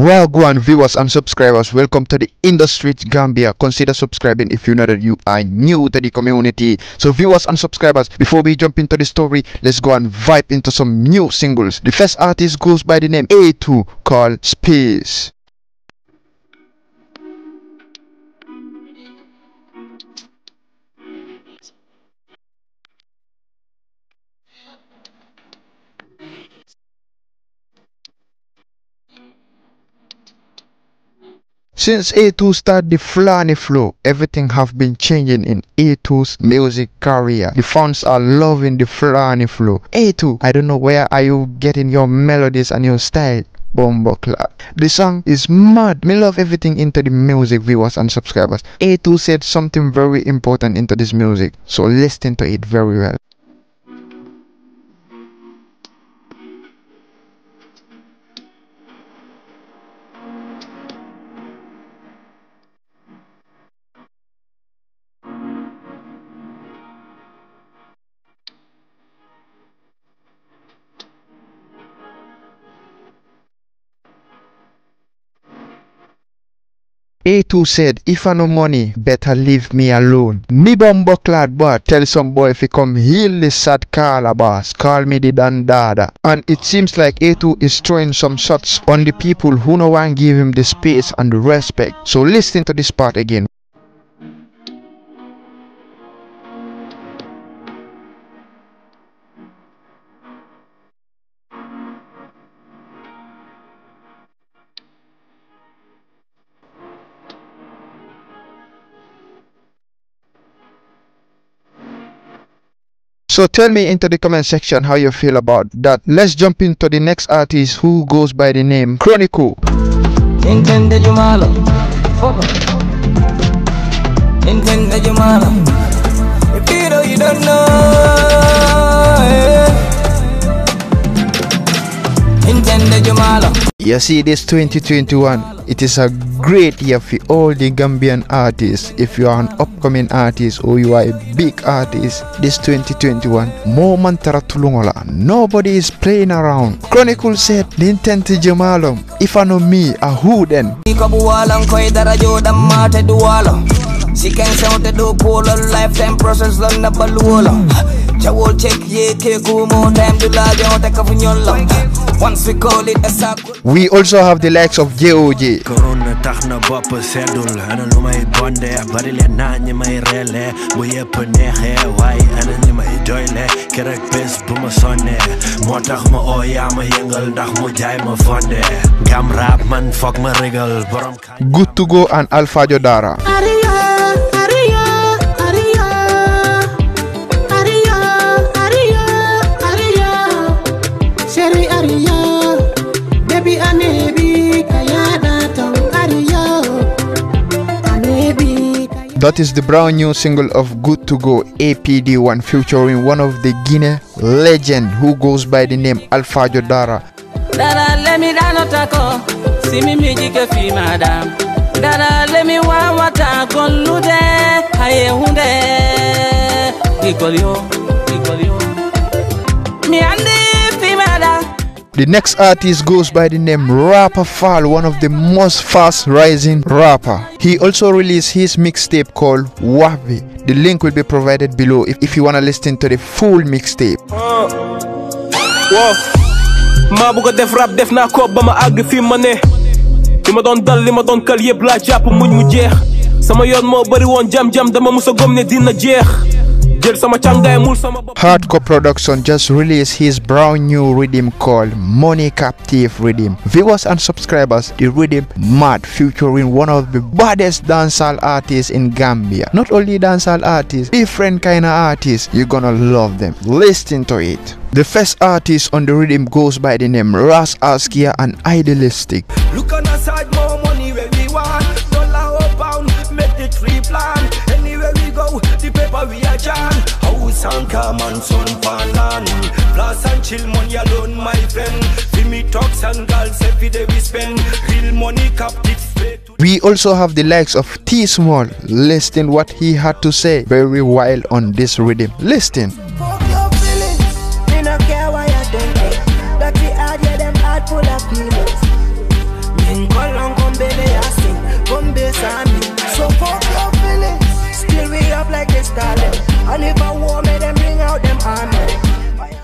Well, go on viewers and subscribers, welcome to the Industry Gambia. Consider subscribing if you know that you are new to the community. So viewers and subscribers, before we jump into the story, let's go and vibe into some new singles. The first artist goes by the name A2 called Space. Since A2 started the Flanny Flow, everything have been changing in A2's music career. The fans are loving the Flanny Flow. A2, I don't know where are you getting your melodies and your style. Bombo Club. The song is mad. Me love everything into the music, viewers and subscribers. A2 said something very important into this music, so listen to it very well. A2 said, if I no money, better leave me alone. Me bumbo clad boy tell some boy if he come heal this sad Carla boss, call me the dandada. And it seems like A2 is throwing some shots on the people who no one give him the space and the respect. So listen to this part again. So tell me into the comment section how you feel about that. Let's jump into the next artist who goes by the name Chronicle. You see, this 2021, it is a great year for all the Gambian artists. If you are an upcoming artist or you are a big artist, this 2021, more tulungola. Nobody is playing around. Chronicle said, Nintente Jamalum, if I know me, a who then? She can Sikan sauta do life, lifetime process lang the baluolo Chawol check ye ke kumo time dula take a kafunyon lang once we call it a We also have the likes of JOJ. Corona sedul. bonde na relé kérek sonné ma ma ma fondé. Gam rap man ma regal Good to go and Alpha Jodara. That is the brand new single of Good To Go APD1 featuring one of the Guinea legend who goes by the name Alpha Jodara. Dara let me madam. Dara let me wa lude, hunde, igolio. The next artist goes by the name Rapper Fall, one of the most fast rising rapper. He also released his mixtape called Wavy. The link will be provided below if, if you wanna listen to the full mixtape. Uh, def rap def ko ba ma fi ma dal li ma kal jàpp muñ mu jeex sama yoon bari jam-jam dama musa dina jeex Hardcore Production just released his brand new rhythm called Money Captive Rhythm. Viewers and subscribers, the rhythm Mad featuring one of the baddest dancehall artists in Gambia. Not only dancehall artists, different kind of artists, you're gonna love them. Listen to it. The first artist on the rhythm goes by the name Ras Askia and Idealistic. Look on the side, more money where we want. Dollar or pound, make the tree plan. Anywhere we go, John House and son for land Plus and chill money alone my friend me talks and girls every day we spend Real money captive we also have the likes of T Small listing what he had to say very wild on this rhythm. Listen.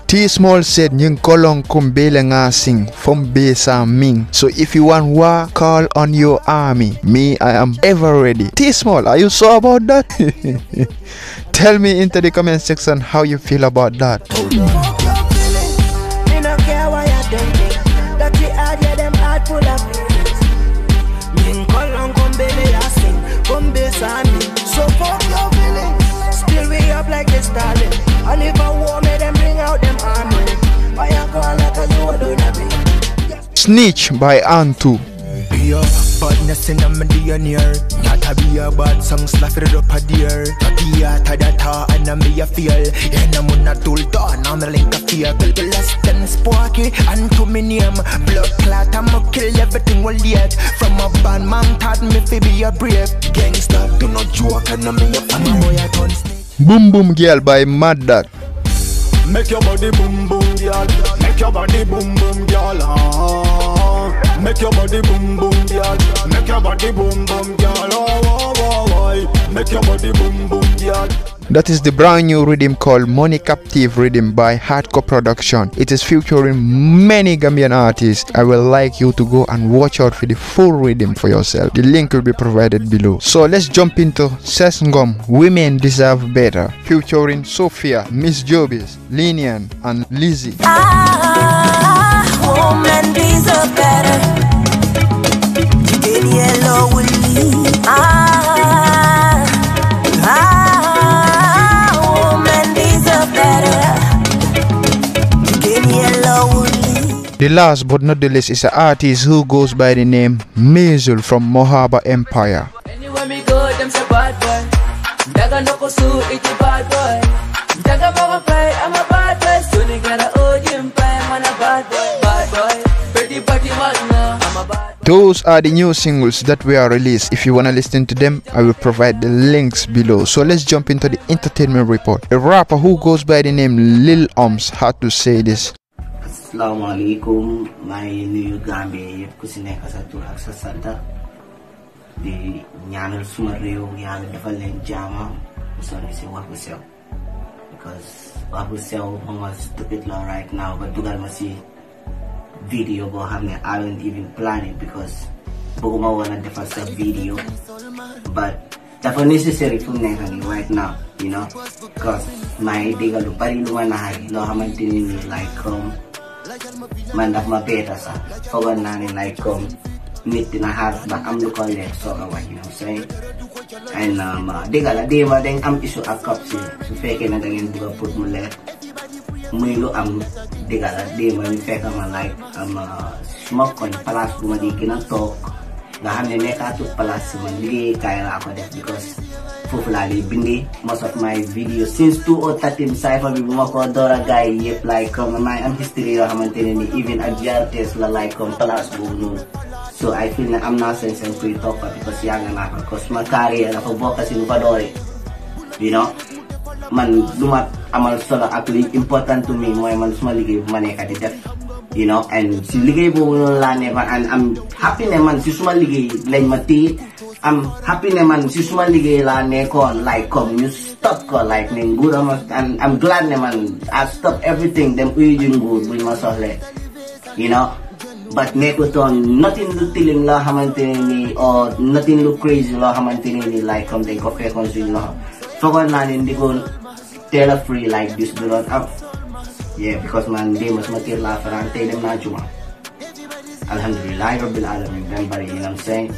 T Small said yung kolong kumbele nga sing from besa ming. So if you want war, call on your army. Me, I am ever ready. T Small, are you sure about that? Tell me into the comment section how you feel about that. Snitch by Antu. badness in a a up a and a me a feel. And I'm on a tool a fear. less than sparky and to me name. Blood clot, I'm a kill everything will yet. From a man, taught me fi be a brave. do not joke, and a Boom Boom Girl by Mad Dog. Make your body boom boom, girl. Make your body boom boom, girl. Ah. Make your body boom boom, girl. Make your body boom boom, girl. Oh oh, oh, oh, oh, Make your body boom boom, girl. That is the brand new rhythm called Money Captive Rhythm by Hardcore Production. It is featuring many Gambian artists. I would like you to go and watch out for the full rhythm for yourself. The link will be provided below. So let's jump into Sesngom Women Deserve Better featuring Sophia, Miss Jobis, Linian and Lizzie. Ah, women deserve better. The last but not the least is an artist who goes by the name Mizul from Mohaba Empire. Those are the new singles that were released. If you wanna listen to them, I will provide the links below. So let's jump into the entertainment report. A rapper who goes by the name Lil Oms had to say this. asalaamaaleykum maa ngi nuyu Gambie yëpp ku si nekk sa tur ak sa sant di ñaanal suma réew defal leen jaama mu sonni si wax sew because wax bu sew xama stupid la right now ba dugal ma si video boo xam ne even plan it because bëgguma woon a defal sa video but dafa necessary fu mu nekk nii right now you know because maa ngi dégg lu bari lu ma naxari loo xamante ni like comme um, man ma peeta sa fogoon nani ne like comme nit ba am lu ko leer soog a wax you know say and um, uh, dégg la déema am si su fekkee ne da put mu mulu muy lu am dégg la ma ñu fekk ma like am ah, suma koñ place bu ma di gën a toog nga xam ne nekkaatu place si man because foofu laa lay most of my video since 2013 cypher bi buma ko dora gay yep like yëpp my am history yo xamanteni ni even ak GRTS la like comme place bu so I feel na am naa sense and free toppa because siya nga ko ko suma carrière dafa bokk si ko you know man duma amal solo ak li important to me moy man suma liggéey bu ma nekk def you know and si liggéey boobu noonu laa and i'm happy ne man si suma liggéey lañ ma tey I'm happy na man sisuma ligela ne kon like kom you stop ko like ne nguda mas and I'm glad na man I stop everything them ujung good we must with masahle you know but neko ton nothing lu tilim la hamantene ni or nothing look crazy la hamantene ni like kom they coffee consume la fagon na ni ko tela free like this do up yeah because man they must matir la farante dem na juma alhamdulillah rabbil alamin Then, bari you know what I'm saying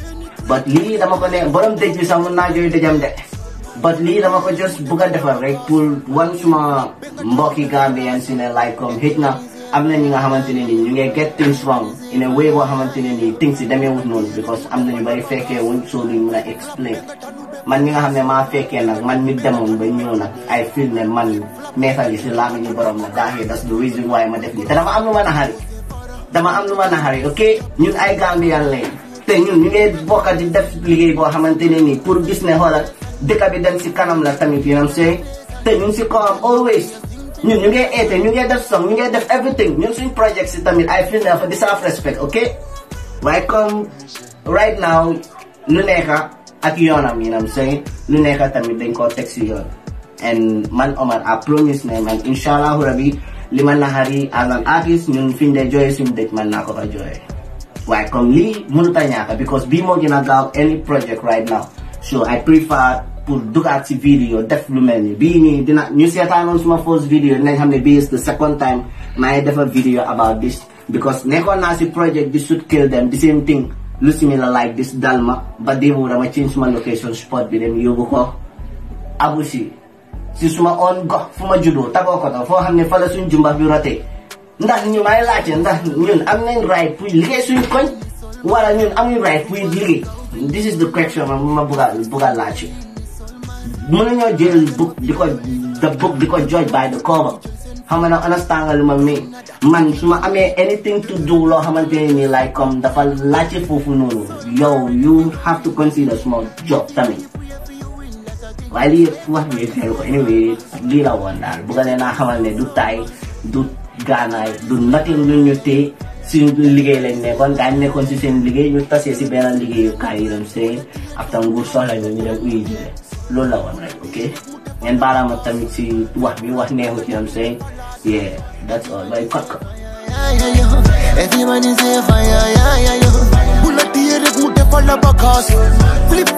bat lii dama ko ne borom dëj bi naa jooy dëjam de bat lii dama ko jos bugg a defar rek pour wan suma mbokki Gambien si ne like comme xëj na am na ñi nga xamante ne nii ñu ngi get things wrong in a way boo xamante ne nii things yi demee wut noonu because am na ñu bari fekkee wuñ soo duñ mën a explain man ñi nga xam ne ma fekkee nag man mi demoon ba ñëw nag ay film ne man message yi si laa ñu borom la ma def nii te dama am lu ma naxari dama am lu ma naxari ok ñun ay Gambien lañ te ñun ñu ngi di def liggéey bo xamanteni ni pour gis ne xoolal dëkk bi dem si kanam la tamit ñam sé té te ñun si koam always ñun ñu ngi été e ñu ngi def song ñu ngi def everything ñun suñ project si tamit I feel na for di self respect okay? why come right now lu nekka ak yoonam yéen am see lu nekka tamit dañ ko tek ci yoon and man Omar I promise ne man inshallah rabbi liman ma naxari as artist ñun fiñ dee joy, suñ dëj man naa ko fa I can li murutanya ka because di mo ginagawa any project right now. So I prefer pour do si video def lu mel ni bii nii dina ñu seetaanoon my first video dinañ xam ne be is the second time My defa video about this because one naa si project bi should kill them the same thing lu similar like this dal ma ba démb dama change my location spot bi dem yóbbu ko abusi si suma oon gox fu ma juddoo tagoo ko foo xam ne fa la suñ jumba bi ndax ñun may laajte ndax ñun am nañ right pour liggéey suñu koñ wala ñun amuñu right pour liggéey this is the question ma ma bugg a bugg a laajte jël book di the book di ko judge by the cover xam nga understand nga lu ma mean man su ma amee anything to do loo xamante ne like comme dafa laajte foofu noonu yow you have to consider small job tamit waaye lii yëpp anyway lii la woon daal bugg a leen a du tay du gaanaay du nag lu ñu téye suñu liggéey lañ nekkoon daañu nekkoon si seen liggéey ñu tasee si benn liggéeyukaay yi doon seen ak tam nguur soxla ñu ñu dem uyu ji loolu la woon rek ok ngeen baala ma tamit si wax bi wax neexu ci doon seen yeah that's all bay kàkk. bu